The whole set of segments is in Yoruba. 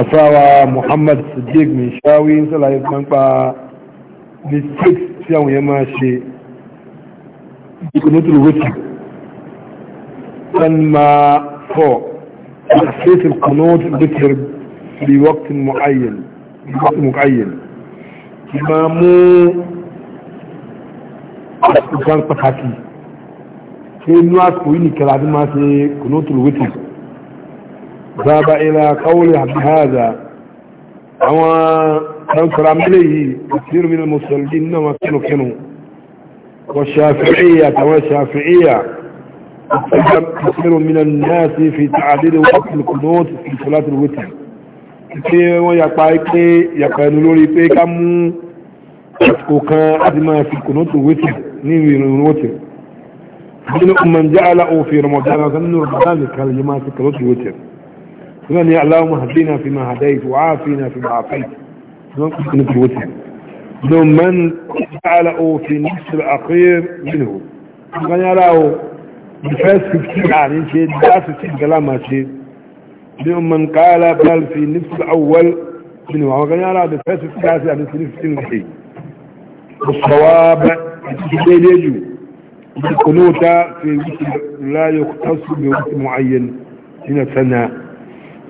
àfáwà Muhammad Siddiq Minshawi ń sọ́láyé pánpá mistakes tí àwọn yẹn máa ṣe ìkùnútùrù wòtù sanma 4 تخصيص القنوت ذكر بوقت معين بوقت معين كما مو كان pàtàkì ṣe inú àsìkò yìí nìkan láti máa ṣe kùnútùrù wòtù ذهب إلى قوله بهذا أما تنكر عمليه كثير من المسلمين وكانوا كانوا والشافعية والشافعية كثير من الناس في تعديل وقت القنوت في صلاة الوتر pé wọ́n yapa pé yapa ẹnu lórí pé ká mú àsìkò kan láti máa fi kùnú tó wétì ní ìrìn wótì nínú ọmọ ìjẹ́ aláwọ̀ fi من يعلم اهدنا فيما هديت وعافينا فيما عافيت من من جعله في نفس الأخير منه من يراه بفاسك كتير عن شيء كتير كلام شيء من من قال بل في نفس الأول منه ومن يراه بفاسك كثير عن في نفس الشيء الصواب يجو القنوطة في وقت لا يختص بوقت معين من السنه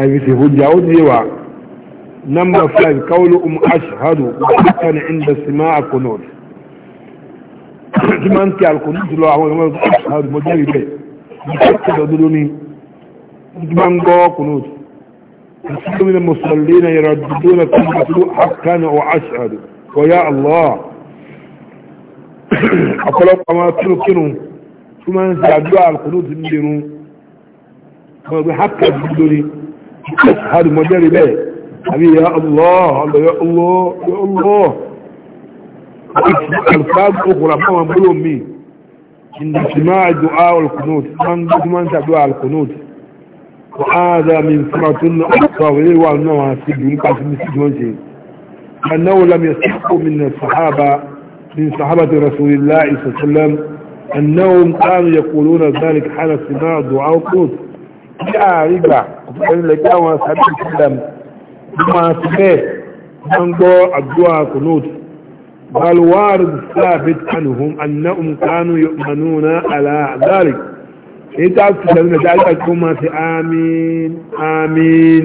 أي هجة وديوة نمبر فايف قول أم أشهد وحسن عند سماع القنوت ثم أنت على القنوت لو أعوان أشهد مجري بي متأكد أدلني أنقوا قنوت كثير من المصلين يرددون كلمة حقا وأشهد ويا الله أقلق ما تلقنوا ثم أنت على القنوت منه حقا أدلني هذا مجال به أبي يا الله يا الله يا الله الفاظ اخرى ما بلوم مي عند اجتماع الدعاء والقنوت من دمان دعاء القنوت وهذا من سمرة الصغير والنوع سيد مقاسم سيد أنه لم يستحق من الصحابة من صحابة رسول الله صلى الله عليه وسلم أنهم كانوا يقولون ذلك حال سماع الدعاء والقنوت ní ààrí gbà ọ̀pọ̀lọpọ̀ ẹgbẹ́ àwọn sábẹ́ ìsìlẹ̀m tó máa fi bẹ́ẹ̀ máa ń gbọ́ àdúrà kùnúùtù balwar sabit anhum annahum kanu yu'minuna ala dhalik sai ta su da da Allah ko ma sai amin amin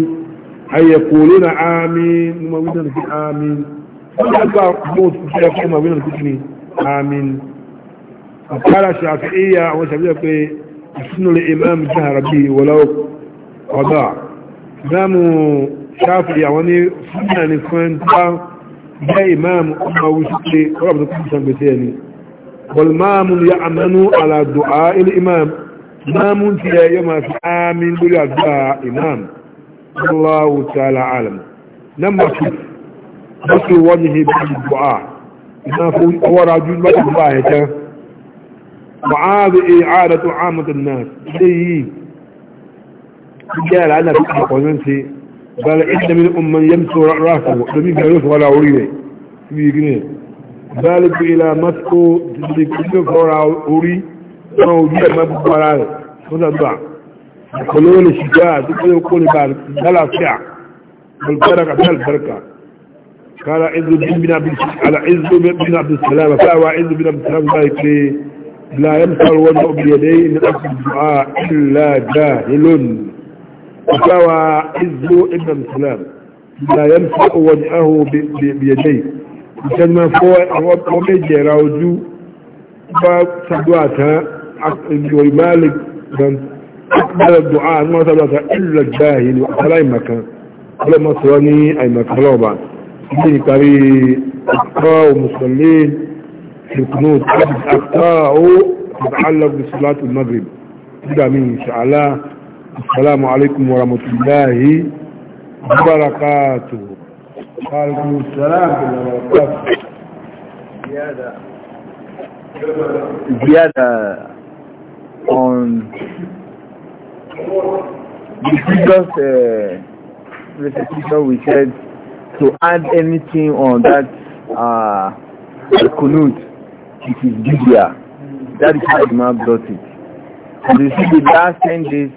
ay yaquluna amin ma widan fi amin ka يسن الإمام جهر به ولو قضاء إمام شافعي يعني سنة نفين جاء إمام أمه وشكري رب تكون بثاني والمام يأمن على دعاء الإمام مام في يوم في آمن بلا دعاء إمام الله تعالى عالم لما كيف نصر وجهه بالدعاء ما فوق أورا جنبه الله وعاد إعادة عامة الناس إيه قال أنا في القوانسي قال إن منهم من يمسو رأسه لمن يرث ولا أريده في جنيه ذلك إلى مسكو تدريكيه فورا أري موجود ما بقراره متضع يقولون الشجاع تقول يقول بعد بلا سع والبركة بلا البركة قال عز بن عبد على عز بن عبد السلام فهو عز بن عبد السلام ذلك لا ينفع الوضوء بيديه من اجل الدعاء الا جاهل وسوى عز ابن الاسلام لا ينفع وجهه بيديه لكن ما فوى ومجى راوجو باب سبعتا ويبالغ من اقبل الدعاء ما سبعتا الا الجاهل وقال اي مكان ولا مصراني اي مكان لوبا في كريم اقرا ومصلين القنوت أخطاء تتعلق بصلاة المغرب كده من إن شاء الله السلام عليكم ورحمة الله وبركاته وعليكم السلام وبركاته زيادة زيادة on the previous uh, recitation we said to add anything on that uh, kunut it is Gibeah. That is how Imam brought it. And you see the last 10 days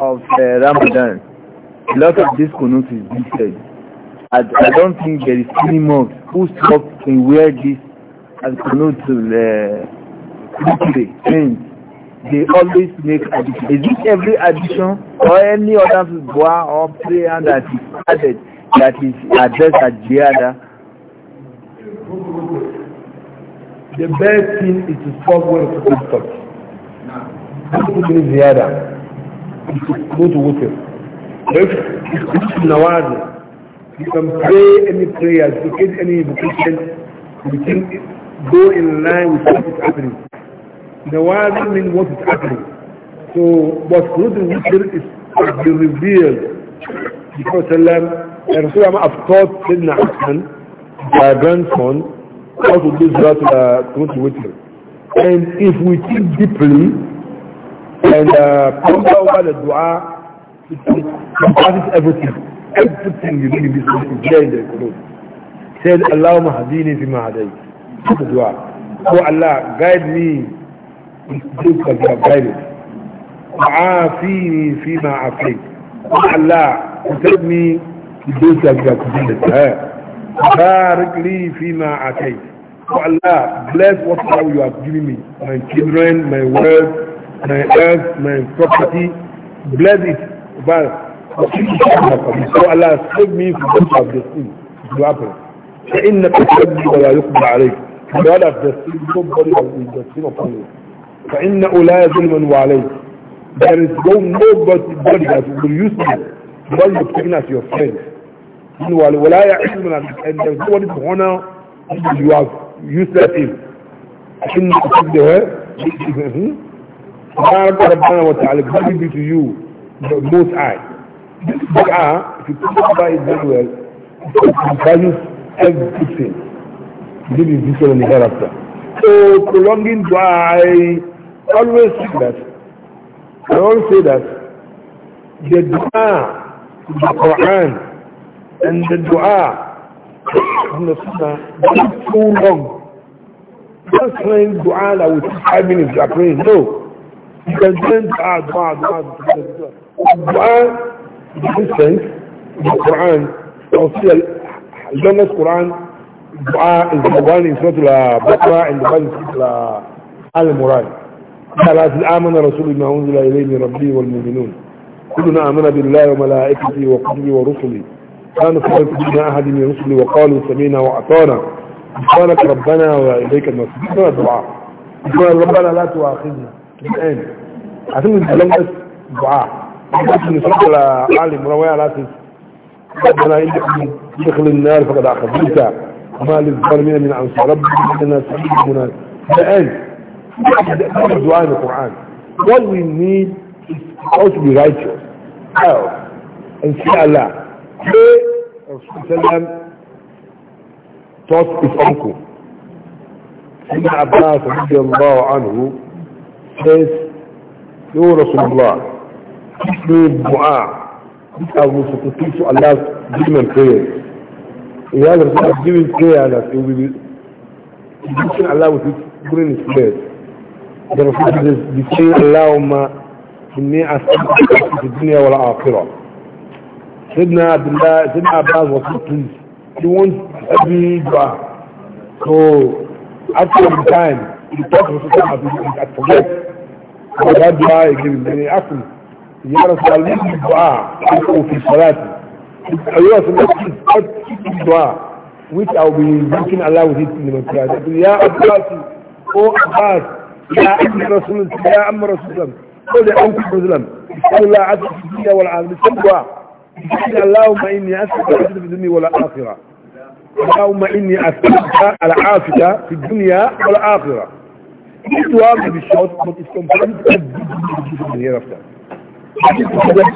of uh, Ramadan, a lot of this connotes is listed. And I don't think there is any mosque who stops and wear this as kunut uh, trend. They always make addition. Is it every addition or any other dua or prayer that is added that is addressed at Jihada? the best thing is to stop when it is stopped. Don't put in ziyada. Go to water. If it's nawaz, you can pray any prayers, locate any vocation, you can go in line with what is happening. Nawaz means what is happening. So what Qunut al-Witr is has been revealed. Because Allah, Rasulullah have taught Sayyidina Hassan, their grandson, What would this go to the go to witness? And if we think deeply and uh, ponder over the dua, it encompasses everything. Everything you need in this world is there in the Quran. Said, Allahumma hadini fi ma hadayt. The dua. Oh Allah, guide me in things that you have guided. Wa'afini fi ma afayt. Oh Allah, protect me in things that you have prevented. barik li fima atayt oh Allah bless what you have given me my children my wealth my earth my property bless it barik so Allah save me from the the of sin. you have destined to happen فإنك تبدي ولا يقضى عليك the sin, nobody will destine upon you فإنه لا يظلم وعليك there is no nobody that will use you while you're taking as your friend من ولا يعلم أن الدول هنا يسلم إن تبدها بارك ربنا وتعالى give it to you the most high this dua if you talk about it very well it values everything this is this one in the hereafter so prolonging dua I always say that I always say that the dua the Quran and the dua from the sunnah is so long not praying dua that will take five minutes you are praying no you can then dua dua dua dua dua. Dua, different the Quran or see a longest Quran dua is the one in front of the baqarah and the one in front of the Al-Imran قال آمن رسول ما أنزل إليه من ربي والمؤمنون كلنا آمن بالله وملائكته وكتبه ورسله كانوا فرق دين أحد من رسل وقالوا سمينا وأعطانا سبحانك ربنا وإليك المسجد هذا الدعاء يقول ربنا لا تؤاخذنا الآن عشان نتكلم بس دعاء لكن نسأل عالم رواية لا ربنا يدخل النار فقد أخذتك ما للظالمين من أنصار ربنا سعيد مناد الآن دعاء القرآن what we need is how to be righteous how and fear Allah pé ọ̀sùnṣẹ́lẹ̀ taught his uncle ibn abbas radiyallahu anhu says yo rasulullah teach me dua which I will supposed to Allah's given prayers he has given prayer that he will be teaching Allah with it during his prayers the Rasul سيدنا عبد الله سيدنا عباس was not pleased he wants every dua so after some time he talked to Sultan Abdul I forget about that dua he gave him and he asked him يا رسول الله ليه الدعاء أقول في صلاتي أيها رسول الله قد الدعاء which I will be thanking Allah with it in the prayer يا أباسي أو أباس يا أم رسول الله يا أم رسول الله قل يا أم رسول الله بسم الله عز وجل والعالم بسم الله اللهم إني أسألك في الدنيا والآخرة اللهم إني أسألك العافية في الدنيا والآخرة It was the short, but it's completely different hereafter.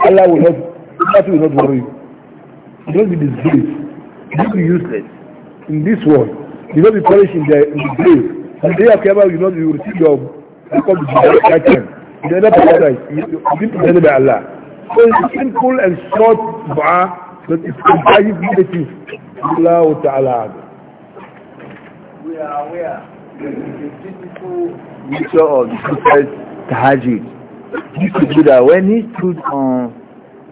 Allah will not, that will not worry you. You don't be disgraced. You don't be useless in this world. You don't be punished in the, in the grave. On the day of Kiyama, you know you receive your, you come to the judgment. You end up paradise. You, you, you, you, you, So it's simple and short dua, but it's contains the truth. Allah Ta'ala. We are aware the beautiful nature of the Prophet Tahajjud. He could that when he stood on,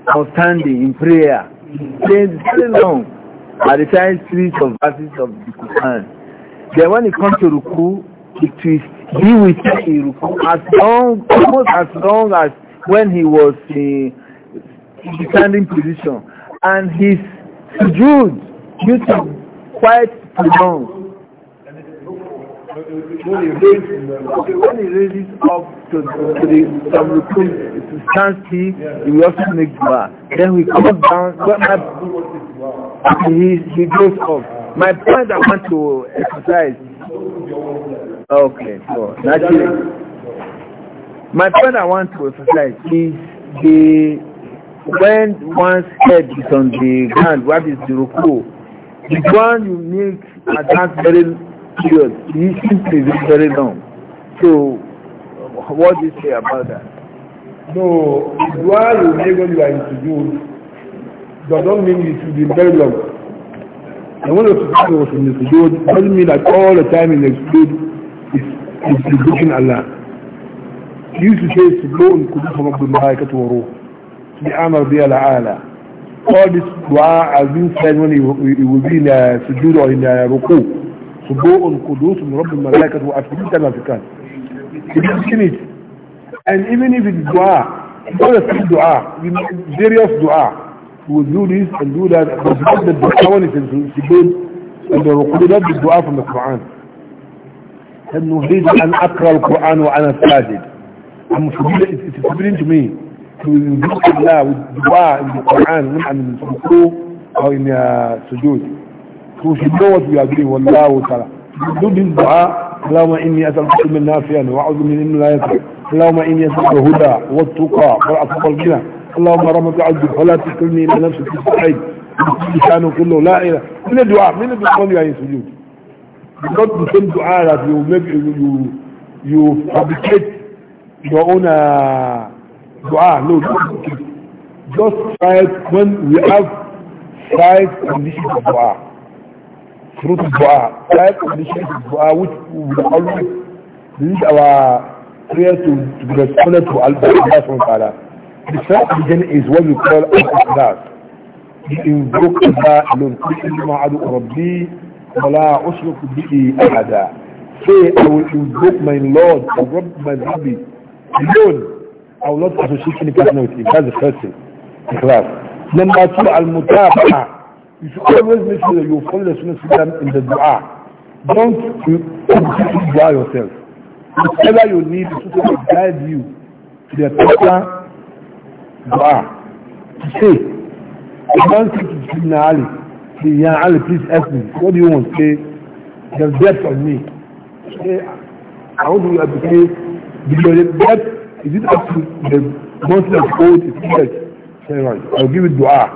on standing in prayer, stayed very long, at the time series of verses of the Quran. Then when he comes to Ruku, it is, he will stay in Ruku as long, almost as long as when he was in in the standing position and his sujood used to quite prolonged. When he raises, okay, when he raises up to, to the some recruit to stand still, he will also make dua. Then he comes down. But my, he he goes up. My point I want to exercise. Okay, so naturally, my point I want to exercise is the when one's head is on the ground, what is the ruku? The ground you make at that very period, the simply is very long. So, what do you say about that? No, the ground you make when you are introduced does not mean it should be very long. And one of the people in the sujood doesn't mean that all the time in the sujood is, is invoking Allah. He used to say, Sujood, Kudu, Sabah, Bumbai, Katu, Waruh. بأمر بها العالى all this dua has been said when he, he will be in a sujood or in a ruku subu'un qudus min rabbil malaikat wa atbita ma fi kan he has seen it and even if it's dua it's not a simple dua various dua he will do this and do that but not the dua when it's in sujood and the ruku not the dua from the Quran أن نريد أن أقرأ القرآن وأنا ساجد I'm forbidden, it's forbidden to me من ذكر الله والدعاء القرآن منع من الركوع أو من السجود وفي النوت يقول والله تعالى ضد الدعاء اللهم إني أسألك من نافيا وأعوذ من إنه لا يسر اللهم إني أسألك الهدى والتقى والعفو والغنى اللهم رمك عبد فلا تكلني إلى نفسك السعيد لسانه كله لا إله من الدعاء من الدعاء يعني سجود بقد كل دعاء you make you you fabricate your own uh, dua no just five. when we have five conditions of dua through dua five conditions of dua which we always need our prayers to, to be responded to Allah from Ta'ala the first reason is what we call al-Ikhlas invoke Allah alone kulli ma'adu rabbi wala ushruk bihi ahada say I will invoke my Lord my Rabbi alone I will not associate any partner with him. That's the first thing. class. Number two, al-mutafa'a. You should always make sure that you follow the Sunnah Sunnah in the dua. Don't you dua yourself. Whatever you need, the Sunnah will guide you to the proper dua. To say, if one thing to Sayyidina Ali, say, Ya Ali, please help me. What do you want? Say, there's death on me. Say, I want you to say, there's death Is it up to the mountain of gold is correct? Say right. I'll give you dua.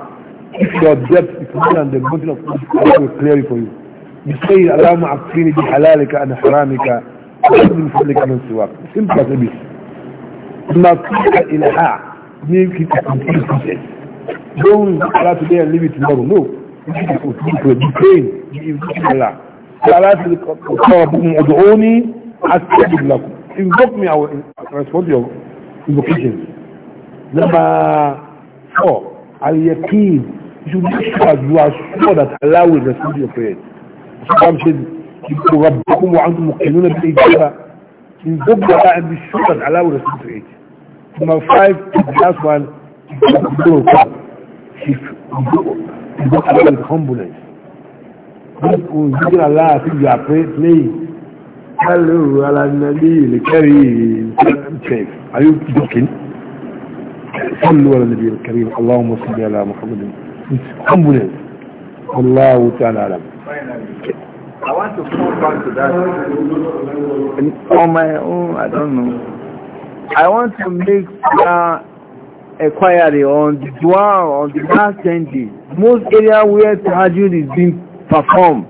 If your debt is more than the mountain of gold, I will clear it for you. You say, Allahumma afini bi halalika and haramika, وَأَذِنْ فَلِكَ مَنْ سِوَاكَ Simple as it is. ما كنت إلها make it a complete process. Don't allow today and leave it tomorrow. No. Make it a complete process. Be praying. Be in Allah. Allah says, "Qawabum ud'uni astajib lakum." invoke me, I will respond to your invocations. Number four, al yaqeen. You should make sure you are sure that Allah will respond to your prayers. Islam said, "Ibu Rabbakum wa antum muqinuna bil ijaba." Invoke me. and be sure that Allah will respond to it. Number five, the last one, invoke Allah with humbleness. When you Allah, I think you are praying, Hello, ala the al-karim. Okay. Are you joking? صلوا على النبي الكريم اللهم صل على محمد حمد الله تعالى اعلم I want to come back to that. On my own, I don't know. I want to make uh, inquiry on the dua on the last 10 days. Most area where tahajjud is being performed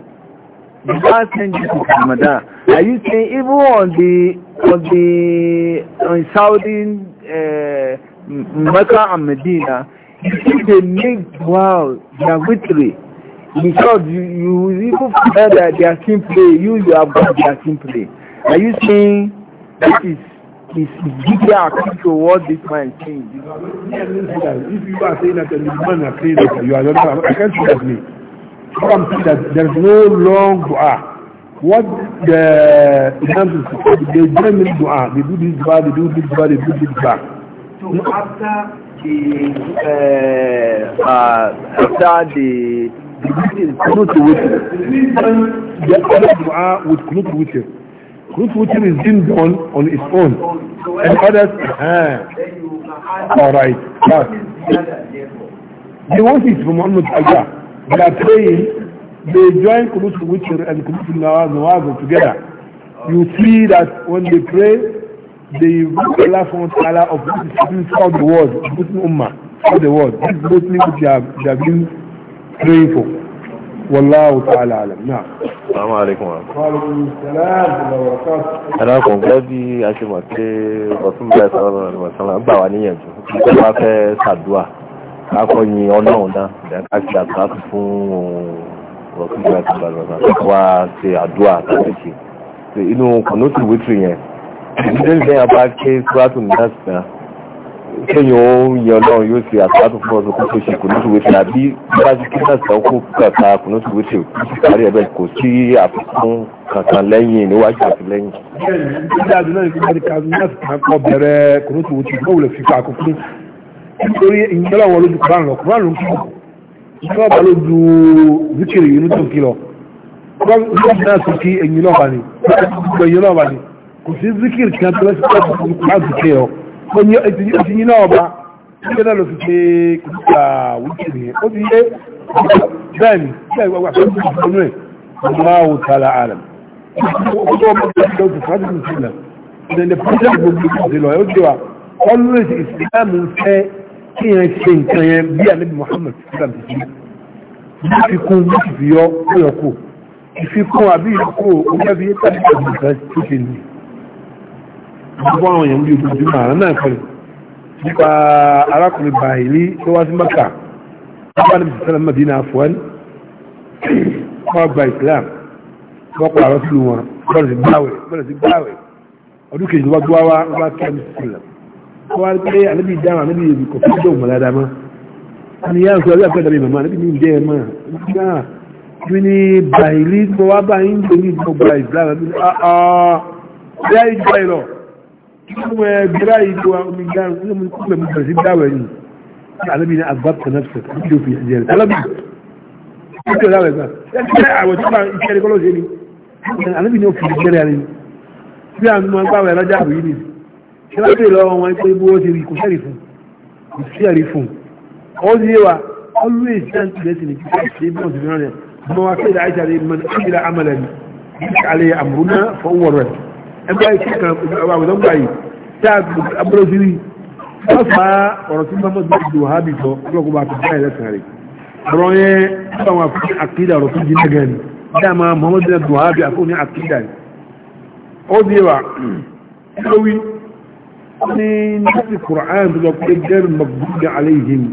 the last century of Ramadan. Are you saying even on the on the on Saudi uh, Mecca and Medina, you they make wow their victory. Because you, you even forget that they are simply you you have got their simply. Are you saying that is is bigger according to what this man is saying? If you are saying that the man are saying that you are not, I can't see that me. Quran said that there is no long dua. What the Imams they do many dua, they do this dua, they do this dua, they do this dua. So after the uh, uh, after the Kunut Witr, the other dua with Kunut Witr. Kunut Witr is being done on its own. And others, uh, all right. But, the one is from Muhammad Allah. They are praying, they join Qunut al and Qunut al together. You see that when they pray, they invoke Allah from Allah of Muslims throughout the world, Muslim Ummah, throughout the world. This is mostly what they have, they have been praying for. Wallahu ta'ala alam. Na'am. Assalamu alaikum. Wa alaikum wa barakatuh. Ara kun gabi a ṣe mọ̀ pé Rasulullah sallallahu alaihi wasallam gbà wá níyànjú. Nígbà wá fẹ́ ṣàdúà akọ̀yìn ọlọ́run náà ìdáká ṣe àtàkù fún rọ̀kìgbà tó bá lọ́nà wá ṣe àdúrà tàbíkì inú kọ̀nọ́tì wítìrì yẹn ìdílé lẹ́yìn abá ké kúrátù nìdásí náà kéèyàn ó yan ọlọ́run yóò ṣe àtàkù fún ọdún kó tó ṣe kọ̀nọ́tì wítìrì àbí bá ti kí náà sọ kó kàkà kọ̀nọ́tì wítìrì kárí ẹ̀bẹ̀ kò sí àfikún kankan lẹ́yìn níwájú àti lẹ́yìn. bẹ́ẹ̀ ni ìdílé àdúrà nítorí ìyẹ́lọ̀ wọ lójú kùránù lọ kùránù ń kíkọ́ ìṣọ́ ọba lójú zikiri inú tó kí lọ kùránù náà tó kí ẹ̀yìn náà wà ní kùránù ẹ̀yìn náà wà ní kò sí zikiri kan tó lọ́sí tó kí kùránù tó kí ọ ó ní ẹtì yín náà ọba ṣíṣe náà ló fi ṣe kùránù wíkìrì yẹn ó ti yé bẹ́ẹ̀ ni bẹ́ẹ̀ wà fún ìṣúná ẹ̀ Allahu ta'ala alam ó tó ọmọ tó ti lọ sí fàájì tó ti lọ ìdẹ̀ndẹ̀ fún ìṣẹ́ gbogbo ìṣẹ́ lọ ẹ̀ ó ti wà always Islam fẹ́ kí yẹn ṣe nǹkan yẹn bí alẹ́bí Muhammad sílẹ̀ ti fi bí fikún bí ti fi yọ ọyọ kù ìfikún àbí ìkó oníyàbí tàbí tàbí nǹkan tó ṣe ní gbogbo àwọn èèyàn bí ojoojúmọ́ àrán náà kọlẹ̀ nípa arákùnrin bàìlí tó wá sí Mẹ́kà nípa níbi sísẹ́lẹ̀ Mẹ́dínà fún wọ́n gba Islam wọ́n pààrọ̀ sílùú wọn bọ́ọ̀lù sí gbáwẹ̀ ọdún kejì ló gbọ́ wá wọ́n bá kí ẹni sílẹ̀ wọ́n pé ànábì dáhùn ànábì èbì kò fún dóhùn mọ̀lá dámá ni yá ń sọ ọjọ́ àpẹẹrẹ màmá ànábì ní ìjẹ́ ẹ̀mà náà bí ní bàìlì tó wá bá ń gbé ní ìgbọ̀gbà ìsìlámù àbí àà bí i gbà ìlọ kí ló mọ ẹgbẹ́rẹ́ ìlú omi gan ní mo kú mẹ́mú bẹ̀rẹ̀ sí dáwẹ̀ ni ànábì ní agbáb kọ̀nẹ́fẹ̀ àbí òfin ìjẹ́ rẹ̀ alábì ìjẹ́ dáwẹ̀ gbà ẹ̀ àwọ̀ tó bá ìṣẹ́ rẹ̀ ṣe wá bèèrè lọ́wọ́ wọn pé bó ṣe rí kò sẹ́rì fún kò sẹ́rì fún ó sì yé wa always ṣe ń tilẹ̀ sí ní kí wọ́n ṣe bí wọ́n ti fi rán mọ wa kéde àìsà rẹ̀ mọ ní ìlà amẹ́lẹ̀ ni alẹ́ àmúrúná fọwọ́ rẹ̀ ẹ bá yìí kíkan àwùjọ gbà yìí tá abúlé sí rí wọ́n fa ọ̀rọ̀ tí mọ́mọ́ ti dùn ha bì sọ ọlọ́kùnrin àti báyìí lẹ́sìn rẹ̀ ọ̀rọ̀ yẹn nípa àwọn àkókò àkídà ọ̀rọ̀ tó di nẹ́gẹ̀ ni dáàmà mọ́mọ́ ti dùn ha bì من القرآن بقدر مقبول عليهم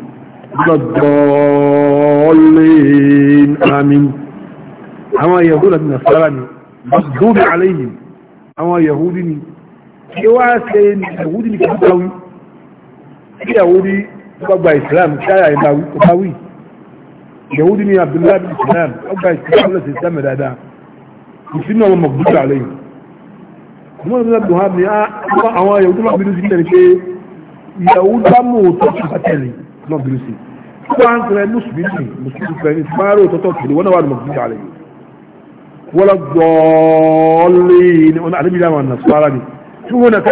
الضالين آمين أما يهود النصارى مقبول عليهم أما يهودني كواسين يهودني كبتاوي يهودي بقبع إسلام كايا إباوي يهودني عبد الله بن إسلام بقبع إسلام الله سيسلم هذا مسلمنا مقبول عليهم wọ́n ń lọ́dún ha ní ah, àwọn ẹ̀yọ̀ tó máa bínú sí lẹ́nu pé ìyàwó dámò tó ti pàtẹ́lì náà bínú sí tó bá ń tẹ̀lé mùsùlùmí mùsùlùmí pẹ̀lú ìfúnmáàrò tó tọ̀ kìlì wọ́n náà wà lọ́mọ fún ìjàlẹ̀ yìí wọ́n lọ gbọ́ọ́lé ní ọ̀nà àdébíyà wọn nà sọ́ra ni tí wọ́n ah,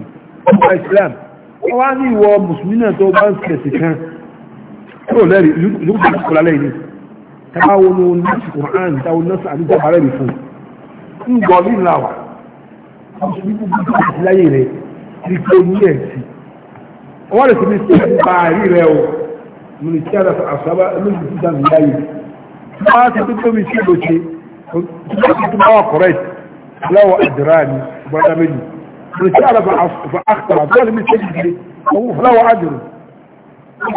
nà sọ́ra wá ní ìwọ mùsùlùmí náà tó bá ń kẹsì kan tó lẹ́rìí ìlúkùn tó kọ̀ lálẹ́ yìí táwọn ní oní láti kùrán táwọn náà sàbí tó bá rẹ̀ fún un ń gbọ́ ní ìlàwà mùsùlùmí gbogbo tó kọ̀ láyé rẹ̀ ní kí o ní ẹ̀ sí wọ́n lè fi ní sí ẹ̀ka àrí rẹ̀ o mo lè tẹ́ àdàfà àṣàbà lóṣù tó dànù láyé wọ́n á ti tó tóbi sí ìlòṣe tó bá wà kọ̀rẹ́t lọ́wọ́ àdìrá ni رسالة فأخطر هذا من شيء هو فلو أجر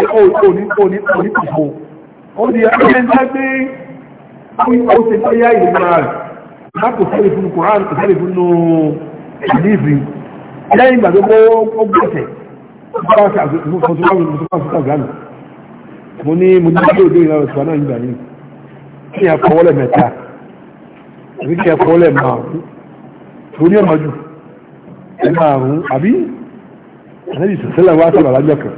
أو أوني أوني أوني أفو أوني أمين أبي أو أو تنقيا إجمال ما تسألي في القرآن تسألي في الحديث لا يبقى ذو أبوته mo ní mo ní ilé òde ìlànà ìtura náà nígbà yìí kí ẹ fọwọ́lẹ̀ mẹ́ta àbí kí ẹ fọwọ́lẹ̀ máa torí ọmọ jù ẹ máa rún àbí ànábì sọ̀sẹ́là wá sọ̀rọ̀ lájọ́ kan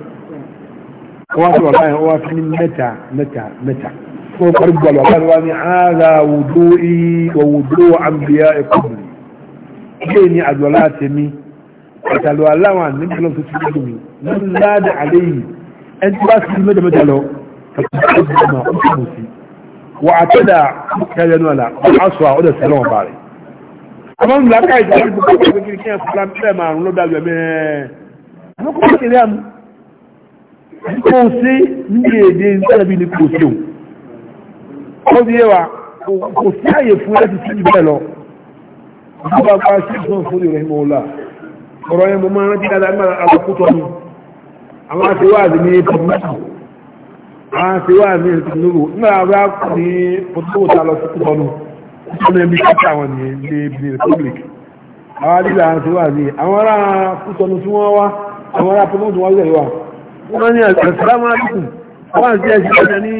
wọ́n sọ̀rọ̀ láyé wọ́n fi ní mẹ́ta mẹ́ta mẹ́ta fún ọkọ̀rọ̀ gbọ́dọ̀ wọ́n wá ní ààrà wùdó ìyí wùdó àmbíyá ẹ̀kọ́ mi ilé ní àdúrà tèmi ìtàlù aláwọ̀ nígbà lọ́wọ́ tó ti rí mi lọ́nà láàdà àlẹ́ yìí ẹni tí bá sì ní mẹ́ta mẹ́ta lọ kàkùn ọ̀dọ̀ ọ̀dọ̀ ọ̀dọ̀ ọ̀dọ̀ ọ̀dọ̀ ọ̀dọ̀ ọ̀dọ̀ ọ̀dọ̀ àmọ́ ń làákà ìjà ní gbogbo ọgbẹ́ gbogbo kí ẹ fúnra mílẹ̀ márùn ló dàgbẹ̀ mẹ́rẹ̀ àwọn kò kéré àmú kò sí ní èdè ìsẹ́lẹ̀bí ni kò sí ó bí yé wa kò sí àyè fún ẹ ti sí ìbẹ̀ lọ nígbà bá sí ìsọ́n fún ìrẹ̀ ìmọ̀ ọ̀la ọ̀rọ̀ yẹn mo máa rántí dáadáa nígbà alákòótọ́ mi àwọn àṣewáàzì ní pọtumẹ́tù àwọn àṣewáàzì ní ìpínlẹ̀ nígbà bá ní ọmọ ẹbí kíkà àwọn nìyẹn lé ibi republic àwọn adílà àti wà ní àwọn ará kúsọnù tí wọ́n wá àwọn ará pọ́nmọ́tò wọ́n lẹ̀ wá wọ́n ní àṣàlámù aláìkùm àwọn àti ẹ̀sìn ìjọba ní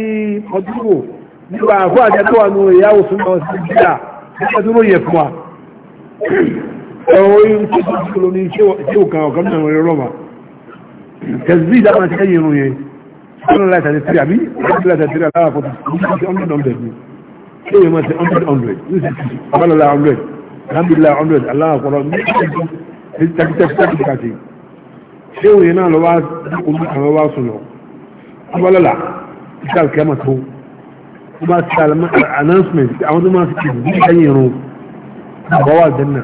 ọdúnwò nípa àfọ àjẹ tó wà nù ìyàwó fún ọ sí ìjìyà nípa tó ló yẹ fún ṣe ma ṣe hundred hundred ọlọlá hundred alhamdulilayi hundred aláwọ kọrọ ní takitakitakitaki kati ṣé òun yẹn náà lọ wá omi àwọn wá sùn lọ ọlọlá ìṣàl kẹmà tó ó bá ṣe àlámà announcement àwọn tó máa fi kìí bí ẹ̀yìn irun àbọ̀ wà dẹ́n náà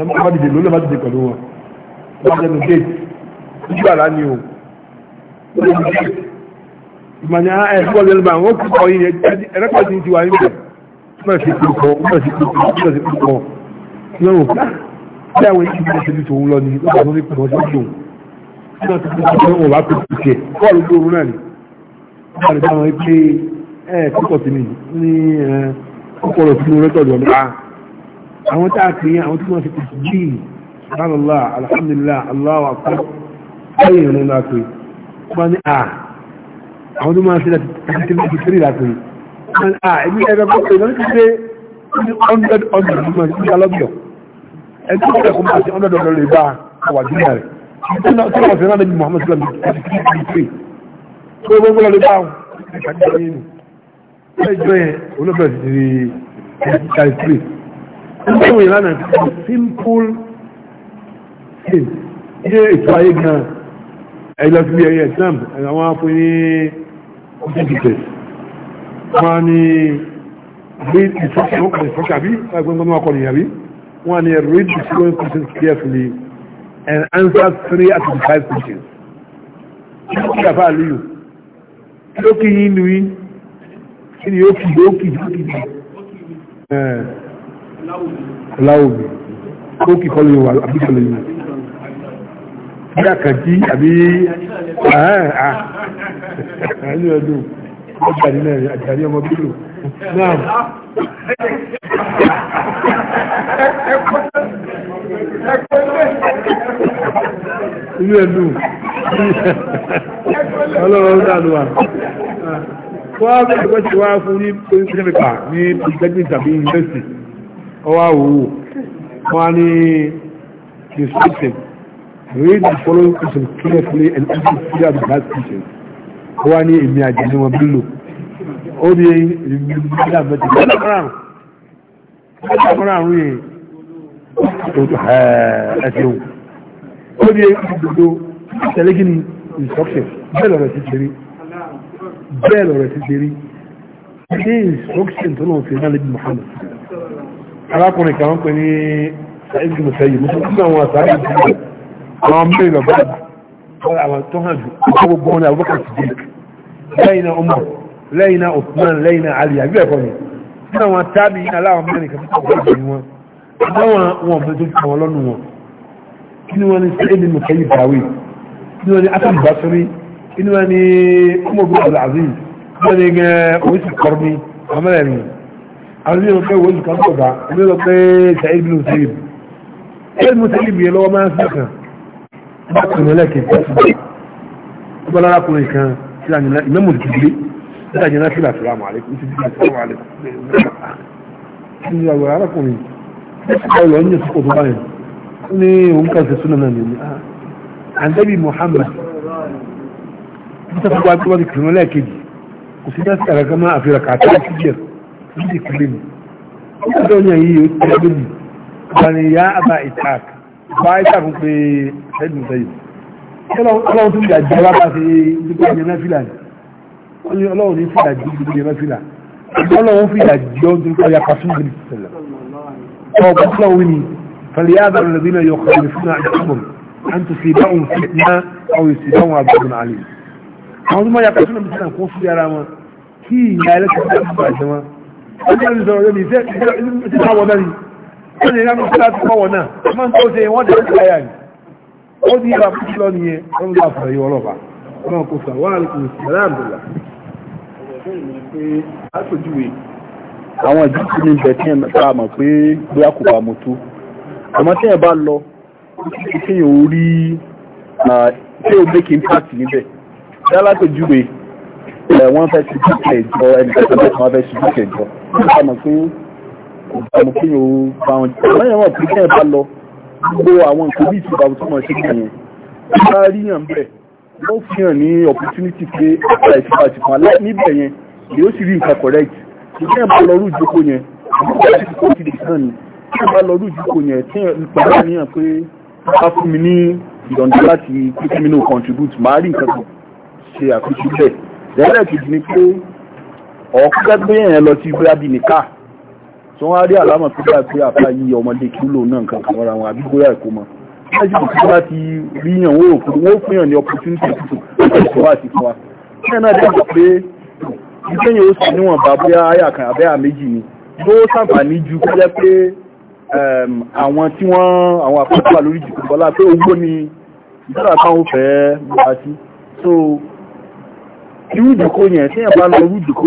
ọlọmọ bá dìde lọ́lọ́ bá dìde pẹ̀lú wọn wọ́n á gate ojú àlá ni o ó lè mú gate ìmọ̀nyá ẹ̀fọ́ lẹ́lẹ́bà wọ́n kú kọ́ yìí ẹ̀rẹ́kọ̀ọ́sì ti wà níbẹ̀ mọ̀sí kúrúkọ́ mọ̀sí kúrúkọ́ lọ́wọ́ kí ah, àwọn èyí ti ṣe tòun lọ ní lọ́wọ́ lórí pọ̀ ọdún tòun náà ti fi ṣe wọ́n wá pé kò tiẹ̀ kọ́ọ̀lù lóru náà ni wọ́n lè bá wọn pé ẹ̀ kókò sí mi ní kókò rẹ̀ fún rẹ́kọ̀dù ọ̀dọ́ ah, àwọn tá a pè é àwọn tí wọ́n fi kùsù jí subhanallah alhamdulillah allahu akbar ẹ̀yìn ìrìn náà pé wọ́n ní à ah, àwọn tó máa ṣe láti láti kiri láti rí ẹni ẹgbẹ́ pọ́pẹ́ lọ sí pé ní hundred hundred ló máa ṣe lọ́bìọ̀ ẹni tó kọ́ ẹ̀kọ́ máa ṣe hundred hundred lè bá àwà júlá rẹ̀ tó wọ́n fẹ́ rán ẹbí Muhammad sallam láti kiri kiri pé tó wọ́n gbọ́dọ̀ lè bá àwọn ìkàdé ọ̀rẹ́ yìí nù ẹjọ́ yẹn olóbẹ̀rẹ̀ ti rí ẹni kiri pé ó ń tó wọ̀nyí lánàá simple thing ilé ètò ayé gan-an ẹ̀yìn lọ sí ilé ẹ̀yẹ Islam àwọn afọ ní ìdíjìtẹ̀ wọ́n ni bí ìfọ́kàbí agbẹ́gbẹ́mọ́ akọ̀nìyàbí wọ́n ni read the following questions carefully and answer three out of the five questions kí àfá àlúyò kí ó kí yí inú yí kí ni ó kì ó kì ó kì láwùmí ó kì kọ́lù yóò wà àbíkọ́lù yóò bí àkànjí àbí àárín ọdún ọjà nílẹ̀ àjàrí ọmọ bílò náà inú ẹ̀lú ọlọ́run náà ló wà wọ́n bẹ̀rẹ̀ wọ́n ti wá fún ní pínpínlẹ̀pà ní pínpínlẹ̀ tàbí yunifásitì ọwá òwò wọ́n ní ìsúnṣẹ́ read the following question carefully and answer clear the last question wọ́n ní èmi àjẹmí wọn bí lò ó ní èmi nígbà mẹ́ta lọ́dọ̀ márùn-ún lọ́dọ̀ márùn-ún yìí ẹ ṣeun ó ní ìdòdó tẹ̀lé kí ni instruction bẹ́ẹ̀ lọ́rọ̀ ti ṣe rí bẹ́ẹ̀ lọ́rọ̀ ti ṣe rí ní instruction tó náà fi náà lébi Muhammad arákùnrin kan pè ní Sa'id bin Musayyib musulmi náà wọn àtàrí ìdílé àwọn mẹ́rin lọ báyìí àwọn tó hàn jù ọkọ̀ gbogbo wọn ni Abubakar Siddiq lẹ́yìn náà Umar lẹ́yìn náà Usman lẹ́yìn náà Ali àbí ẹ̀kọ́ ni nínú àwọn tábì yìí aláwọ̀ mẹ́rin kan tó kọ̀ bẹ́ẹ̀ ni wọn àbáwọn wọn ọ̀bẹ tó fi wọn lọ́nu wọn kí ni wọn ni sẹ́yìn nínú kẹ́yìn báwí kí ni wọn ni Hasan Basri kí ni wọn ni Umar bin kí wọn ni eh, oṣù kọrọmi amẹ́rin àwọn ènìyàn pé oṣù kan tó bá bákan ẹlẹ́kẹ̀ẹ́ ọgbọ́n arákùnrin kan tí a nílẹ̀ ìmẹ́mù ìdílé tí a nílẹ̀ sí àṣíràmù àlékún tí a nílẹ̀ sí àṣíràmù arákùnrin ọ̀rọ̀ ní ìsìnkú tó báyìí ní òun kan sí súnà náà nìyí àǹdẹ́bí Muhammad tí a fi wá gbọ́ ti kìrìmọ́ lẹ́ẹ̀kejì kò sí dẹ́sí àgàgà máa àfihàn kàtà sí jẹ́ ní ìkìlẹ̀ mi báyìí sàkún pé ẹ̀dùn sẹ́yìn ọlọ́run tún gàjẹ́ alábà sí gbogbo ẹ̀yẹ mẹ́fìlà ni ọlọ́run ní fìlà jí gbogbo ẹ̀yẹ mẹ́fìlà ọlọ́run fìlà jí ó tún kọ́ yapa fún gbogbo ìṣẹ̀lẹ̀ ọgbọ́n ọlọ́run ni فليعذر الذين يخالفون عن الامر ان تصيبهم فتنه او يصيبهم عذاب عليم àwọn tó máa yàtọ̀ sínú wọ́n lè rámi sílá ti pọ̀wọ̀ náà máa ń tó ṣe wọ́n dẹ̀ sí àyà yìí ó ní ìlà fún lọ nìyẹn wọ́n ń gbà fún ẹ̀yọ kò sà wọ́n àlùkò ìṣẹ̀lẹ̀ àbúlà. àwọn ìdí tí ní ibẹ̀ tí ẹ̀ ta mọ̀ pé bóyá kò bá tó àmọ́ tí ẹ̀ bá lọ kí ẹ̀ ò rí tí ò make impact níbẹ̀ yálà tó júwe wọ́n fẹ́ ti dúkẹ́ ìjọ ẹnì kò bá mo kí o bá wọn jẹ àwọn èèyàn tí kẹ́ ẹ̀ bá lọ gbogbo àwọn nǹkan bí ìtura tó mọ̀ sí ìyẹn bá rí yàn bẹ̀ ó fi hàn ní opportunity pé ọ̀pá ìtura ti fún alẹ́ níbẹ̀ yẹn èyí ó sì rí nǹkan correct ìkẹ́ ẹ̀ bá lọ rú ìjókòó yẹn ìjókòó ti kó ti dì sàn ni ìkẹ́ ẹ̀ bá lọ rú ìjókòó yẹn tí ìpàdé àníyàn pé bá fún mi ní ìdọ̀ndà láti pípẹ́ mi náà contribute máa rí nǹkan kan ṣe àkóso bẹ́ẹ̀ lẹ́lẹ́kìdì ni pé ọ̀ọ́kú tí wọ́n rí àlámọ̀ tó bá pé àpá yí ọmọdé kí ló náà nǹkan kan mọ́ra wọn àbí bóyá ẹ̀kọ́ mọ́ láti tí wọ́n ti rí yàn wọ́n òkú wọ́n fún yàn ní opportunity tuntun ìṣòwò àti fún wa ní ẹ̀nà dẹ́gbẹ̀ pé ìṣẹ́yìn ó sì níwọ̀n bá bóyá àyà kan àbẹ́yà méjì ni tó sàǹfààní ju kó jẹ́ pé àwọn tí wọ́n àwọn àpapọ̀ wà lórí jù bọ́lá pé ogbó ni ìjọba táwọn fẹ́ gbà sí so irú ìdíkó yẹn tí yẹn bá lọ irú ìdíkó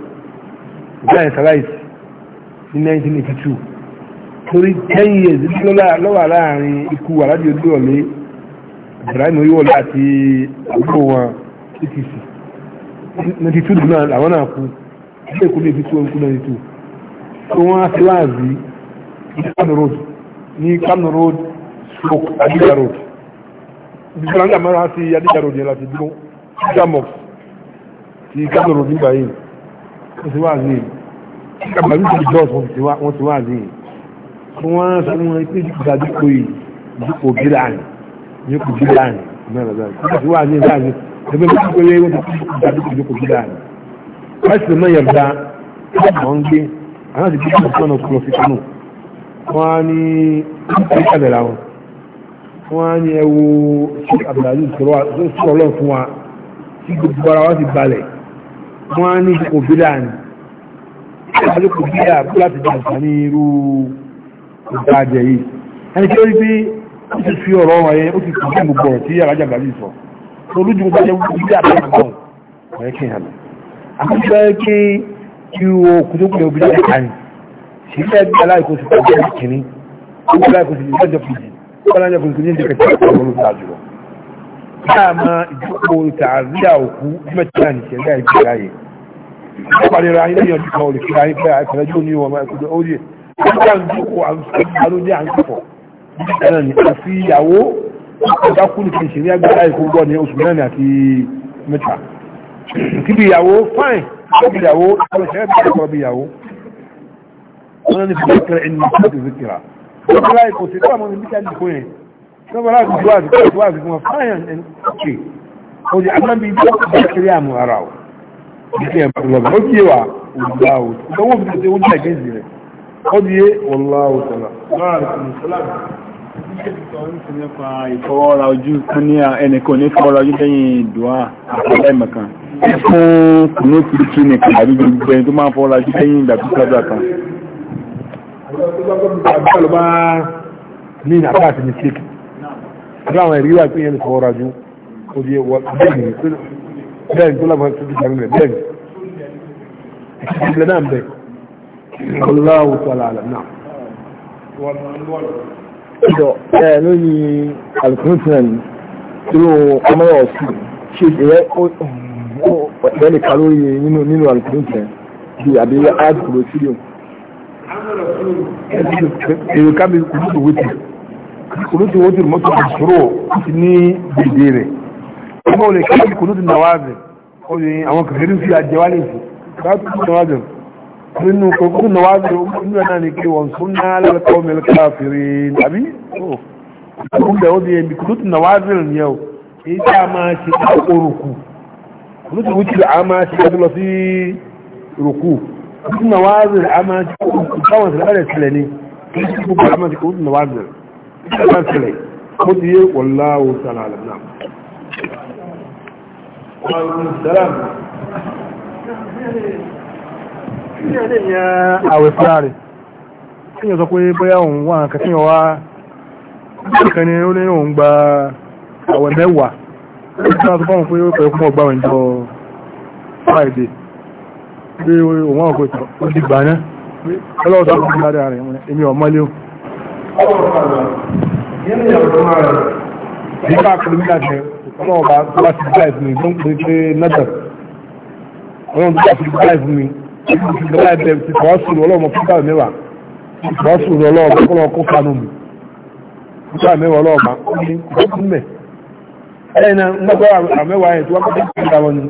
ìjọba ìsàláìsì ní 1982 torí 10 years lọ́wà láàrin ikú aládìí ojú ọ̀lẹ́ Ibrahim oyewole àti àbúrò wọn e etc 92 náà làwọn náà kú ilé ìkú ní 82 nkú 92 tó wọ́n á fi láàzí ní Kano road ní Kano road stroke Adija road ìgbìyànjú àmọ́ra sí Adija road yẹn láti dúró Adija mosque ti Kano road nígbà yìí wọ́n ti wá àzí kàbàlú ti jọ́ọ̀sì wọ́n ti wá àzí wọ́n sọ wọn pé ìgbà dípò yìí dípò gíláàni dípò gíláàni mẹ́rin bẹ́ẹ̀ wọ́n ti wá àzí ìgbà àzí ẹgbẹ́ mi dípò yẹ wọ́n ti fi ìgbà dípò dípò gíláàni wọ́n sì mọ ìyàgbá wọ́n gbé àwọn àti dípò sọ́nà kúrò sí kanú wọ́n á ní ìpè kàdàrà wọn wọ́n á ní ẹwu sí àbùdá yìí sọ̀rọ̀ ọlọ́run fún wa wọ́n ní kò bídà ní ìpàdé kò bídà láti dàgbà ní irú ìdájẹ̀ yìí ẹni tí ó rí pé ó ti fi ọ̀rọ̀ wọn yẹn ó ti kò bí gbogbo ọ̀rọ̀ tí alájà gbàgbé sọ tó lójú gbogbo ẹjẹ gbogbo bídà tó gbọ́ ọ̀rẹ́ kí hàn àkókò ẹ pé kí o kò tó pè obìnrin ẹ̀ka ni sì ń bẹ́ẹ̀ aláìkó ti pàdé kìíní ó gbé aláìkó ti ti ìjọ kejì ó gbé aláìkó ti ti ìjọ kejì ó gbé aláìkó ti ti ìjọ kejì dáàmà ìjókòó ìtààríà òkú mẹ́ta ní ṣẹ̀dá ìgbéra yìí wọ́n parí ra ilé ìyànjú kan olùkí ra ìpẹ́ àìsànlẹ́jì òní ọmọ ẹ̀kọ́jọ́ orí ẹ̀ wọ́n ń jókòó àlójẹ́ àǹkọ̀pọ̀ nígbà ní àfi ìyàwó ọ̀dákú nìkan ṣe ní agbára ìkó gbọ́ ní oṣù mẹ́rin àti mẹ́ta kíbi ìyàwó fáìn kíbi ìyàwó ọlọ́ṣẹ́ bí ìyàwó bí ìyàwó wọ́n ní fi sọ́bàrá àti buwáàzì kọ́ buwáàzì fún wọn fáyàn ẹni ṣe ó di agbábi ìjọ ìbákiri àmú ara ò ìṣe ìbàlọ́bà ó di wa wàláwò tó wọ́n fi ṣe oúnjẹ ìgbésí rẹ̀ ó di yé wàláwò tọ́lá. ìfọwọ́ra ojú kan ní ẹnìkan ní fọwọ́ra láwọn ẹ̀rí wà pín yẹn fọwọ́ rajú òdi bẹ́ẹ̀ tó lábọn tó ti jà mẹ́ bẹ́ẹ̀ ìpínlẹ̀ náà bẹ́ẹ̀ ọlọ́wọ́ tó àlàlà náà. Ìjọ ẹ̀ lórí Alkùnrin tí ó ọmọ ọ̀sùn ṣe ìrẹ́ ọ̀pẹ̀lẹ̀ kalórí nínú Alkùnrin bí àbí Adkùnrin sílẹ̀. Èrò kábí kùdùkù wítì kùnútù wọ́tù mọ́tò ìṣòro ti ní dèdè rẹ̀ ọmọ olè kí kùnútù nàwázẹ̀ olè àwọn kìrìtì fi àjẹwálé sí kùnútù nàwázẹ̀ nínú kùnútù nàwázẹ̀ nígbà náà ni kí wọ́n sún náà lọ́kọ́ mẹ́lẹ́kà fèrè ni kùnútù wọ́n di ẹ̀mí kùnútù nàwázẹ̀ nìyẹn o èyí tí a máa ṣe orùkù kùnútù wọ́tù a máa ṣe lọ sí rùkù kùnútù nàwázẹ̀ a máa ṣe orùkù táwọn ìṣẹ̀lẹ̀ ìtàkàtìlẹ̀ mo ti yé wọ̀láwò sára àlẹ́ náà àwẹ̀ fúnra rẹ̀ kí yẹ sọ pé bóyá òun wà nǹkan tí wọ́n wá nǹkan ni ó ní òun gba àwẹ̀ mẹ́wàá ó ti sọ fún pé ó pẹ̀lú fún ọgbà ìjọ friday pé òun wà nǹkan ìtàn ó ti gbà náà ọlọ́wọ́ sọ fún ìgbà rẹ̀ èmi ọmọ léwu ní ká kúrò nígbà jẹ ọmọ ọba tó bá ti gbà ìfún mi tó ń pè pé nọ́dọ̀ ọlọ́run tó bá ti gbà ìfún mi tó ti gbà ìfún mi ti fọ́ sùn ọlọ́run fún gbà mẹ́wàá ti fọ́ sùn ọlọ́run fún ọlọ́run kó fanú mi gbà mẹ́wàá ọlọ́run bá ó ní kó fún mẹ́ ẹ̀yìn náà ń gbàgbọ́ àmẹ́wàá yẹn tó wá kó fún mi láwọn ni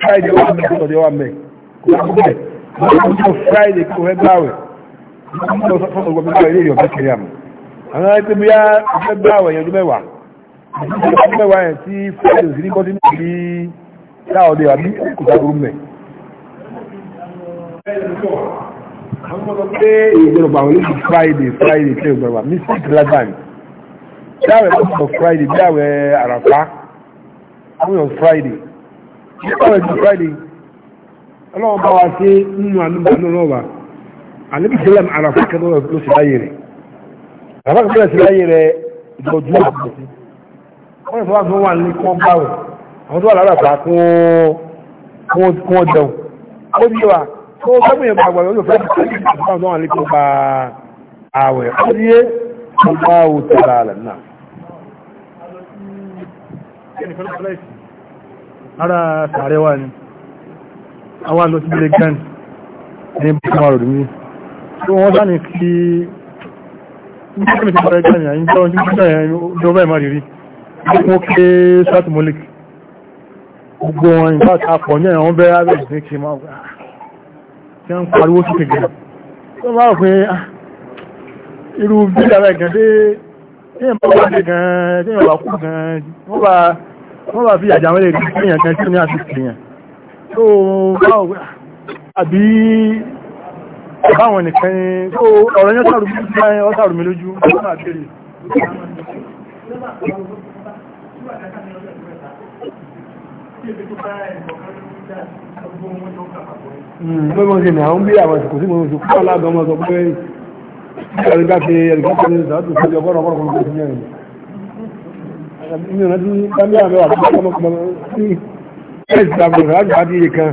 friday wà mẹ́ kó sọ̀dẹ̀ wà mẹ́ kó fún mẹ́ friday kó fẹ́ gbàwẹ̀ kó fún mẹ́ àwọn ẹgbẹ́ bí i fẹ́ gbá àwẹ̀ yẹn mẹ́wàá ọdún mẹ́wàá yẹn tí fúlẹ̀ òsì ní kọ́tí níbi láọ̀dẹ̀ àbí kò sá burú mẹ́. àwọn bá wọlé sí friday friday tẹ́lẹ̀ gbọ́dọ̀ wà mystic lagan friday bí àwẹ̀ àràfá friday bí àwẹ̀ bí friday nínú àdúgbò náà wà àlébìsílẹ̀ àràfá kẹ́tọ́ lọ sí láyé rẹ̀ bàbá kan bẹ̀rẹ̀ sí láyé rẹ̀ ìjọjú àpò sí wọ́n yìí fún wàá fún wà ní kán báwò àwọn tó wà lára àpá kún ó jẹun ó di wa tó sẹ́gun yẹn gbàgbọ́ yóò fẹ́ẹ́ fẹ́ẹ́ fẹ́ẹ́ fẹ́ẹ́ fẹ́ẹ́ fẹ́ẹ́ fẹ́ẹ́ fẹ́ẹ́ àwẹ̀ ó di yé aláwò tẹ̀lá rẹ̀ náà. ara sàárẹ̀ wà ní àwọn àlọ́ sí ilé gan ní bọ́kùnmá rò rí mi tí wọ́n sá ní kí nígbàtí ti bẹ̀rẹ̀ gáàni àyín tó ní gbígbà ìjọba ìmá rírí wọ́n ké sáàtì mọ́lík gbogbo wọn ìgbà àpọ̀ ní àwọn bẹ́rẹ̀ abẹ́ ìsìn kí máa gbà tí wọ́n pariwo sí kìgbà tó máa rò pé irú bílà rẹ̀ gan dé tí èèyàn bá wà dé gan tí èèyàn bá kú gan wọ́n bá fi àjà mẹ́lẹ̀ rí èèyàn gan tí ó ní àti kìyàn tó bá àbí báwọn nìkan ní tó ọ̀rọ̀ yẹn sàrù báyẹn ọ sàrù mi lójú ọdún àbẹ̀rẹ̀ mọ́mọ́ sí ni àwọn bí àwọn ìsìnkú sí mọ́mọ́ sí kúrò aláàgbà ọmọ sọ pé ẹ̀rìgáfẹ́ ẹ̀rìgáfẹ́ ní ìsàtù sí ọgọ́rọ̀ ọgọ́rọ̀ kan kò sí mẹ́rin ní ọ̀nà tí bá mẹ́rin àwọn àgbà ọmọ kan sí ẹ̀sì àgbà àgbà àti ìkan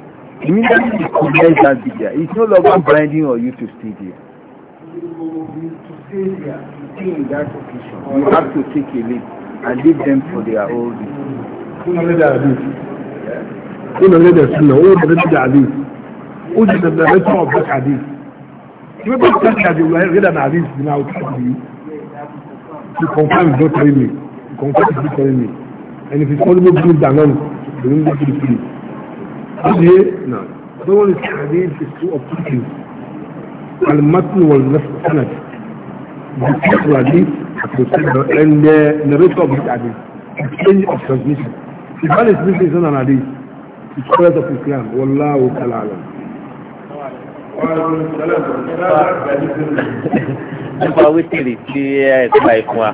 Immediately you condemn that video. It's no longer binding on you to stay there. You have to take a leave and leave them for their own reason. Kuna rada suna, wani rada da abin, wani rada da rada of back abin. Kuma ba ta da abin, wani rada da abin su na wuta da yi. To confirm is not telling me. Confirm is not telling me. And if it's only good, then I'm going to the police. ليه؟ نعم دول الحديث في السوء الطبي المتن والنفس سند بكثرة حديث هتوصل لأن نريته بالحديث change of transmission the balance between sun and hadith is correct of Islam والله تعالى أعلم nípa wítìrì tí ẹ ti bá ìfún wa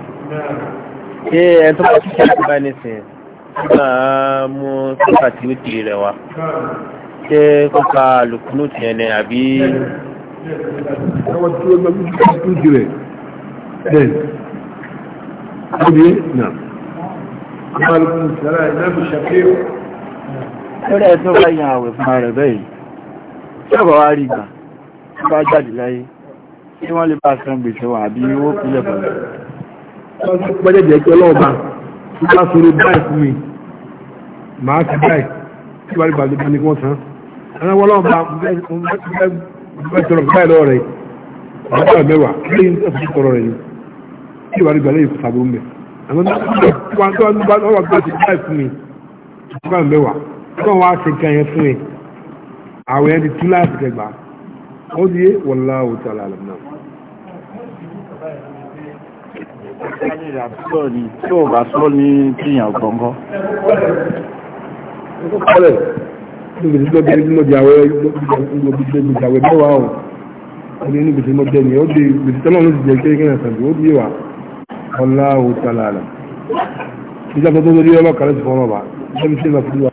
ṣé ẹ tó bá ṣiṣẹ́ ìgbà nísìnyí nígbà mú síkà tí ó ti rẹ̀ wá ṣé kọ́ka lùkúnú ti ẹ̀nẹ àbí. ẹwọ́n tí ó gbàgbé tó ti rẹ̀ bẹ́ẹ̀ ó di náà. àwọn alùpùpù sẹ́lá ìdáàbò ṣàfihàn. ó rẹ̀ tó bá yan àwẹ̀ fún ara rẹ̀ bẹ́ẹ̀ ṣọ́bọ̀ wá rí gbà bá jáde láyé tí wọ́n lè bá san gbèsè wà àbí owó kúlẹ̀ pẹ̀lú. wọ́n pẹ́jẹ̀ jẹ́ ọlọ́ọ̀bá ti bá sọ̀rọ̀ báyìí fún mi màá ti báyìí tí wàá gbàgbé ní wọ́n san ẹ̀rọ wọ́n lọ́wọ́ bá bẹ́ẹ̀ báyìí lọ́wọ́ rẹ̀ ọ̀dọ́ mẹ́wàá lẹ́yìn tó tọrọ rẹ̀ ni tí wàá gbàgbé yìí mẹ́ àwọn tó wà gbà ti báyìí Tí ò bá sọ́ ní kíyàn gbọ̀ngàn kó kọ́lẹ̀ níbi tí gbẹ́gbẹ́ ní mọ̀jẹ̀ àwẹ̀ gbẹ́gbẹ́ àwẹ̀ mẹ́wàá o wọ́n ní níbi tí mo jẹ́ ni ó di gbèsè tọ́lọ́ ló ti jẹ́ kí ẹ̀kẹ́ ẹ̀sán ó di wà ọlá òtàlà rẹ̀ ìjọba tó lórí ọlọ́kàlẹ̀ ti fọ́nà wà lẹ́bi tí ìlà fún wa